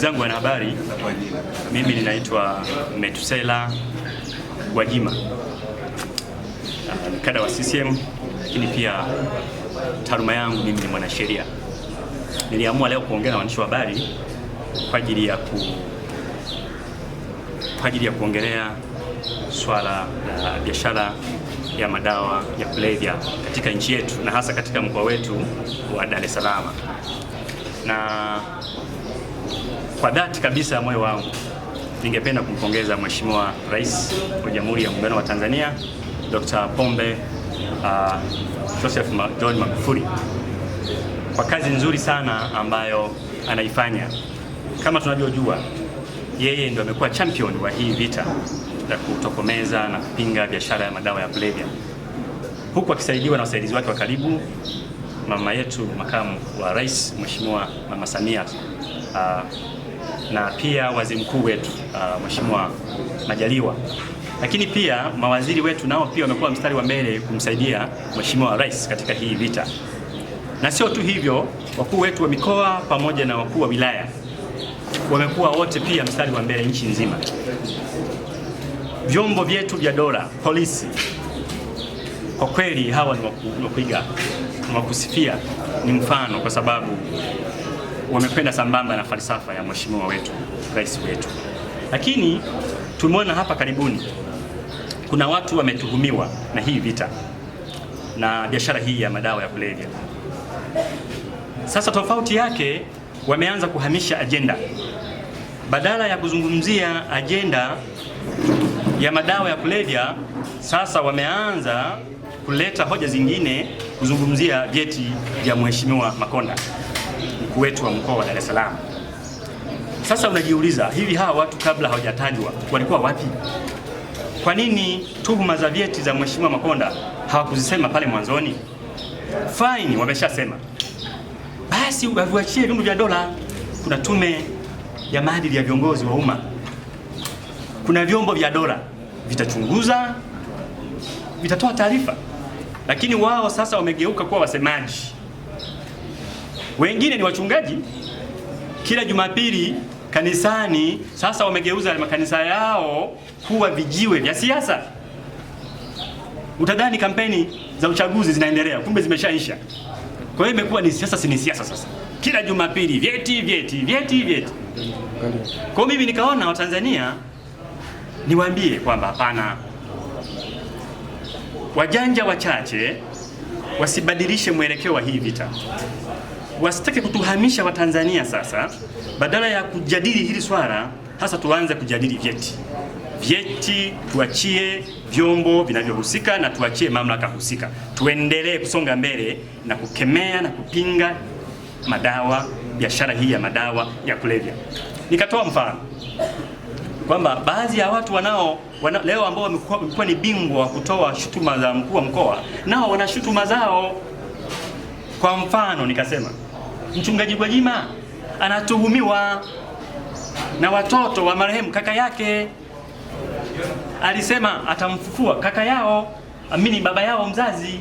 Ndugu zangu wanahabari, mimi ninaitwa Metusela Gwajima, ah, kada wa CCM, lakini pia taaluma yangu mimi ni mwanasheria. Niliamua leo kuongea na waandishi wa habari kwa ajili ya ku kwa ajili ya kuongelea swala la biashara ya madawa ya kulevya katika nchi yetu na hasa katika mkoa wetu wa Dar es Salaam na kwa dhati kabisa ya moyo wangu ningependa kumpongeza Mheshimiwa Rais wa Jamhuri ya Muungano wa Tanzania Dr. Pombe uh, Joseph John Magufuli kwa kazi nzuri sana ambayo anaifanya. Kama tunavyojua, yeye ndio amekuwa champion wa hii vita ya kutokomeza na kupinga biashara ya madawa ya kulevya, huku akisaidiwa na wasaidizi wake wa karibu, mama yetu makamu wa rais Mheshimiwa Mama Samia uh, na pia waziri mkuu wetu uh, Mheshimiwa Majaliwa, lakini pia mawaziri wetu nao pia wamekuwa mstari wa mbele kumsaidia Mheshimiwa Rais katika hii vita, na sio tu hivyo, wakuu wetu wa mikoa pamoja na wakuu wa wilaya wamekuwa wote pia mstari wa mbele nchi nzima. Vyombo vyetu vya dola, polisi, kwa kweli hawa ni wakuiga, ni wakusifia, ni mfano kwa sababu wamekwenda sambamba na falsafa ya mheshimiwa wetu rais wetu. Lakini tumeona hapa karibuni kuna watu wametuhumiwa na hii vita na biashara hii ya madawa ya kulevya. Sasa tofauti yake, wameanza kuhamisha ajenda, badala ya kuzungumzia ajenda ya madawa ya kulevya, sasa wameanza kuleta hoja zingine kuzungumzia vyeti vya mheshimiwa Makonda mkuu wetu wa mkoa wa Dar es Salaam. Sasa unajiuliza hivi, hawa watu kabla hawajatajwa walikuwa wapi? Kwa nini tuhuma za vyeti za mheshimiwa Makonda hawakuzisema pale mwanzoni? Fine, wameshasema basi, waviachie vyombo vya dola. Kuna tume ya maadili ya viongozi wa umma, kuna vyombo vya dola vitachunguza, vitatoa taarifa. Lakini wao sasa wamegeuka kuwa wasemaji. Wengine ni wachungaji, kila Jumapili kanisani. Sasa wamegeuza makanisa yao kuwa vijiwe vya siasa. Utadhani kampeni za uchaguzi zinaendelea, kumbe zimeshaisha. Kwa hiyo imekuwa ni siasa, si siasa. Sasa kila Jumapili vyeti, vyeti, vyeti, vyeti. Kwa mimi nikaona Watanzania, niwaambie kwamba hapana, wajanja wachache wasibadilishe mwelekeo wa hii vita wasitake kutuhamisha Watanzania. Sasa badala ya kujadili hili swala, hasa tuanze kujadili vyeti vyeti tuachie vyombo vinavyohusika na tuachie mamlaka husika, tuendelee kusonga mbele na kukemea na kupinga madawa, biashara hii ya madawa ya kulevya. Nikatoa mfano kwamba baadhi ya watu wanao wana, leo ambao wamekuwa ni bingwa wa kutoa shutuma za mkuu wa mkoa, nao wana shutuma zao. Kwa mfano nikasema Mchungaji Gwajima anatuhumiwa na watoto wa marehemu kaka yake, alisema atamfufua kaka yao, amini baba yao mzazi,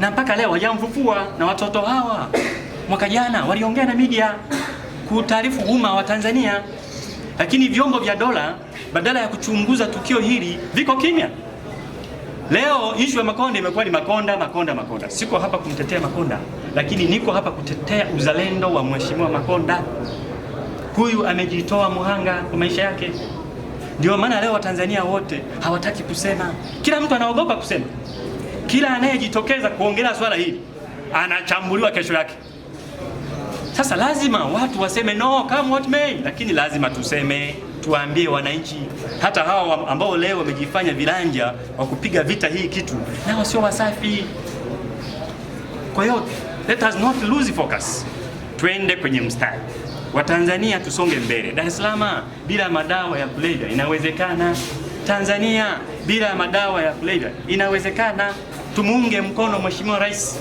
na mpaka leo hajamfufua. Na watoto hawa mwaka jana waliongea na media kutaarifu umma wa Tanzania, lakini vyombo vya dola badala ya kuchunguza tukio hili viko kimya. Leo issue ya Makonda imekuwa ni Makonda, Makonda, Makonda. Siko hapa kumtetea Makonda, lakini niko hapa kutetea uzalendo wa mheshimiwa Makonda. Huyu amejitoa muhanga kwa maisha yake. Ndio maana leo Watanzania wote hawataki kusema, kila mtu anaogopa kusema. Kila anayejitokeza kuongelea swala hili anachambuliwa kesho yake. Sasa lazima watu waseme no come what may, lakini lazima tuseme tuwaambie wananchi, hata hawa ambao leo wamejifanya vilanja wa kupiga vita hii kitu, nao sio Wasafi. Kwa hiyo let us not lose focus, twende kwenye mstari Watanzania, tusonge mbele. Dar es Salaam bila madawa ya kulevya inawezekana. Tanzania bila madawa ya kulevya inawezekana. Tumuunge mkono Mheshimiwa Rais,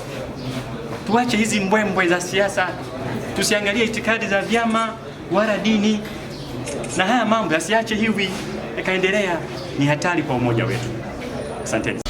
tuache hizi mbwembwe za siasa, tusiangalie itikadi za vyama wala dini na haya mambo yasiache hivi yakaendelea, ni hatari kwa umoja wetu. Asanteni.